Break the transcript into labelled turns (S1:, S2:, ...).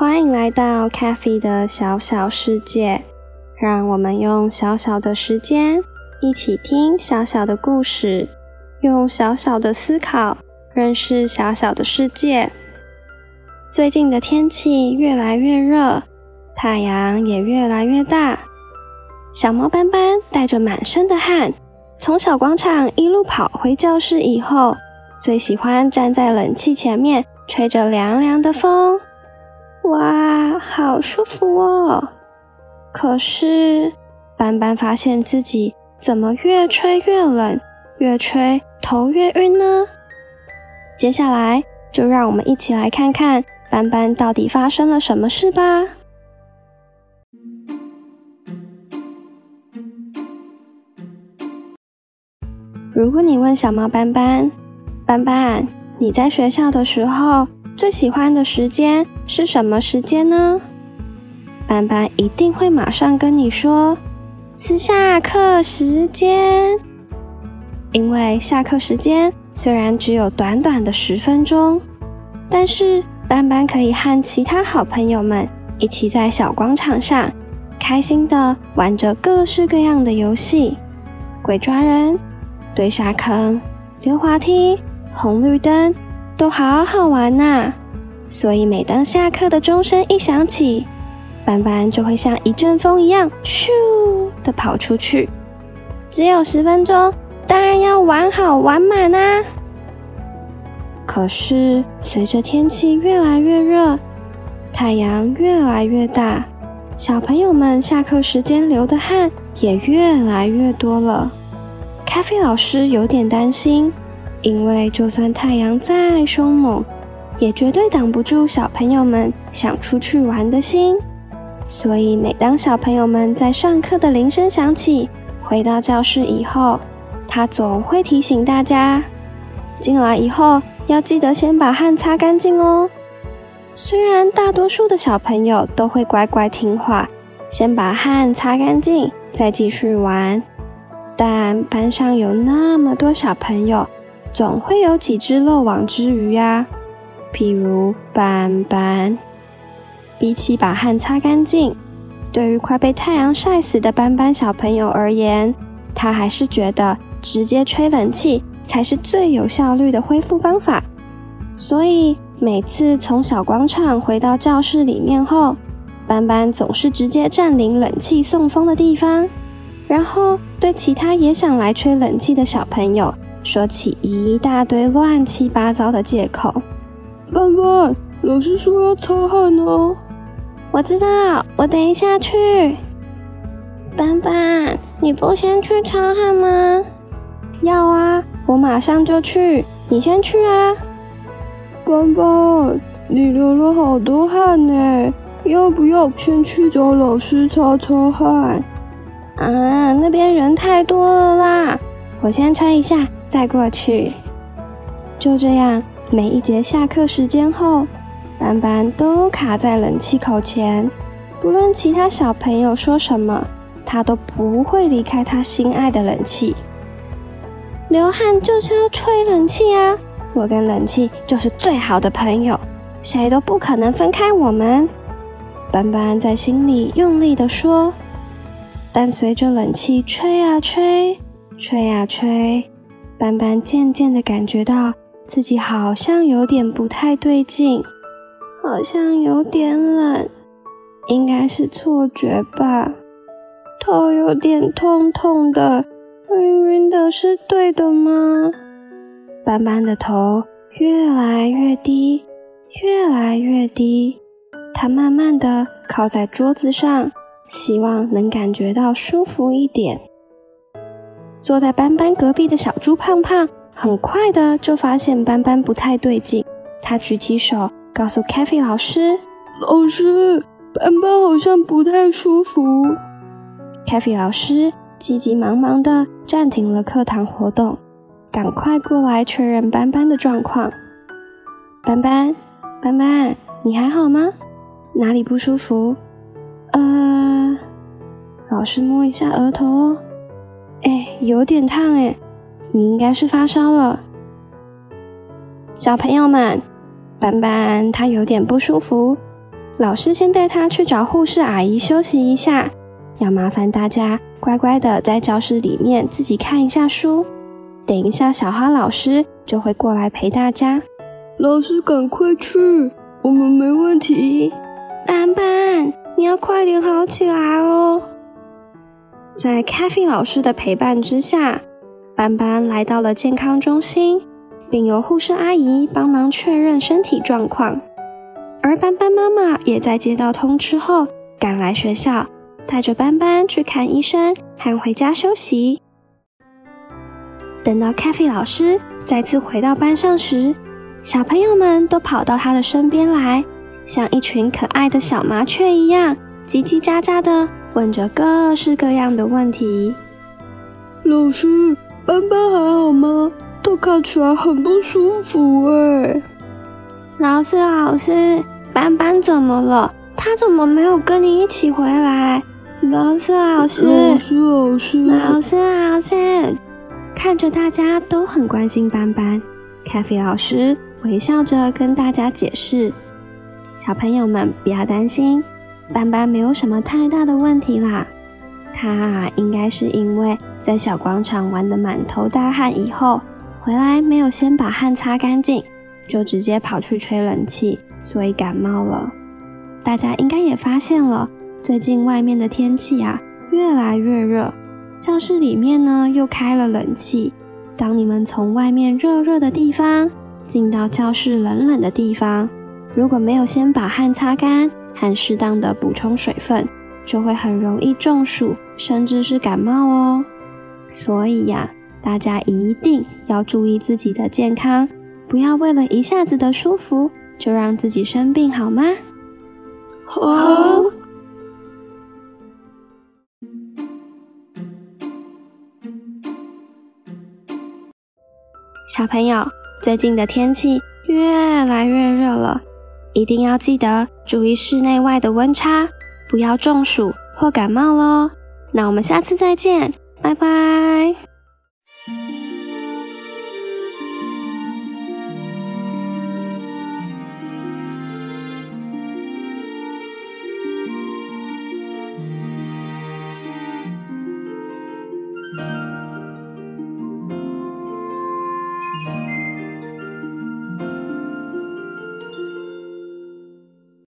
S1: 歡迎來到 Kathy 的小小世界，讓我們用小小的時間一起聽小小的故事，用小小的思考認識小小的世界。最近的天氣越來越熱，太陽也越來越大。小貓斑斑帶着滿身的汗，從小廣場一路跑回教室以後，最喜歡站在冷氣前面，吹着涼涼的風。哇，好舒服哦！可是斑斑發現自己怎麼越吹越冷，越吹頭越暈呢？接下來就讓我們一起來看看斑斑到底發生了什麼事吧。如果你問小貓斑斑，斑斑，你在學校的時候。最喜歡的時間是什麼時間呢？斑斑一定會馬上跟你說：是下課時間。因為下課時間雖然只有短短的十分鐘，但是斑斑可以和其他好朋友們一起在小廣場上開心的玩着各式各樣的遊戲：鬼抓人、堆沙坑、溜滑梯、紅綠燈。都好好玩吶、啊，所以每當下課的鐘聲一響起，斑斑就會像一陣風一樣咻的跑出去。只有十分鐘，當然要玩好玩滿啦、啊。可是隨着天氣越來越熱，太陽越來越大，小朋友們下課時間流的汗也越來越多了。咖啡老師有點擔心，因為就算太陽再兇猛，也絕對擋不住小朋友們想出去玩的心。所以每當小朋友們在上課的鈴聲響起，回到教室以後，他總會提醒大家：進來以後要記得先把汗擦乾淨哦。雖然大多數的小朋友都會乖乖聽話，先把汗擦乾淨再繼續玩，但班上有那麼多小朋友。總會有幾隻漏網之魚呀、啊，譬如斑斑。比起把汗擦乾淨，對於快被太陽曬死的斑斑小朋友而言，他還是覺得直接吹冷氣才是最有效率的恢復方法。所以每次從小廣場回到教室裡面後，斑斑總是直接佔領冷氣送風的地方，然後對其他也想來吹冷氣的小朋友，說起一大堆亂七八糟的借口。斑斑，老師說要擦汗哦。我知道，我等一下去。斑斑，你不先去擦汗嗎？要啊，我馬上就去。你先去啊。斑斑，你流了好多汗呢，要不要先去找老師擦擦汗？啊，那邊人太多了啦，我先吹一下，再過去，就這樣，每一節下課時間後，斑斑都卡在冷氣口前。不論其他小朋友說什麼，他都不會離開他心愛的冷氣。流汗就是要吹冷氣啊！我跟冷氣就是最好的朋友，誰都不可能分開我們。斑斑在心裡用力的說。但隨着冷氣吹啊吹，吹啊吹。斑斑漸漸的感覺到自己好像有點不太對勁，好像有點冷，應該是錯覺吧。頭有點痛痛的，暈暈的，是對的嗎？斑斑的頭越來越低，越來越低，它慢慢的靠在桌子上，希望能感覺到舒服一點。坐在斑斑隔壁的小豬胖胖，很快的就發現斑斑不太對勁。他舉起手，告訴 Cathy 老師：“老師，斑斑好像不太舒服。”Cathy 老師急急忙忙的暫停了課堂活動，趕快過來確認斑斑的狀況。斑斑，斑斑，你還好嗎？哪裡不舒服？呃，老師摸一下額頭哦。哎，有點燙哎，你應該是發燒了。小朋友們，斑斑他有點不舒服，老師先帶他去找護士阿姨休息一下。要麻煩大家乖乖的在教室裡面自己看一下書，等一下小花老師就會過來陪大家。老師趕快去，我們沒問題。斑斑，你要快點好起來哦。在 Cathy 老師的陪伴之下，斑斑來到了健康中心，並由護士阿姨幫忙確認身體狀況。而斑斑媽媽也在接到通知後趕來學校，帶着斑斑去看醫生，和回家休息。等到 Cathy 老師再次回到班上時，小朋友們都跑到他的身邊來，像一群可愛的小麻雀一樣嘰嘰喳喳的。問着各式各樣的問題。老師，斑斑還好嗎？都看起來很不舒服欸。老師，老師，斑斑怎麼了？他怎麼沒有跟你一起回來？老師，老師，老師，老師，老師，老師，老師，老師。看着大家都很關心斑斑。Cafe 老師微笑着跟大家解釋：“小朋友們，不要擔心。”斑斑沒有什麼太大的問題啦，他啊應該是因為在小廣場玩得滿頭大汗以後，回來沒有先把汗擦乾淨，就直接跑去吹冷氣，所以感冒了。大家應該也發現了，最近外面的天氣啊越來越熱，教室裡面呢又開了冷氣。當你們從外面熱熱的地方進到教室冷冷的地方，如果沒有先把汗擦乾，很適當的補充水分，就會很容易中暑，甚至是感冒哦。所以呀、啊，大家一定要注意自己的健康，不要為了一下子的舒服，就讓自己生病，好嗎？好、oh.。小朋友，最近的天氣越來越……一定要記得注意室內外的溫差，不要中暑或感冒嘍。那我們下次再見，拜拜。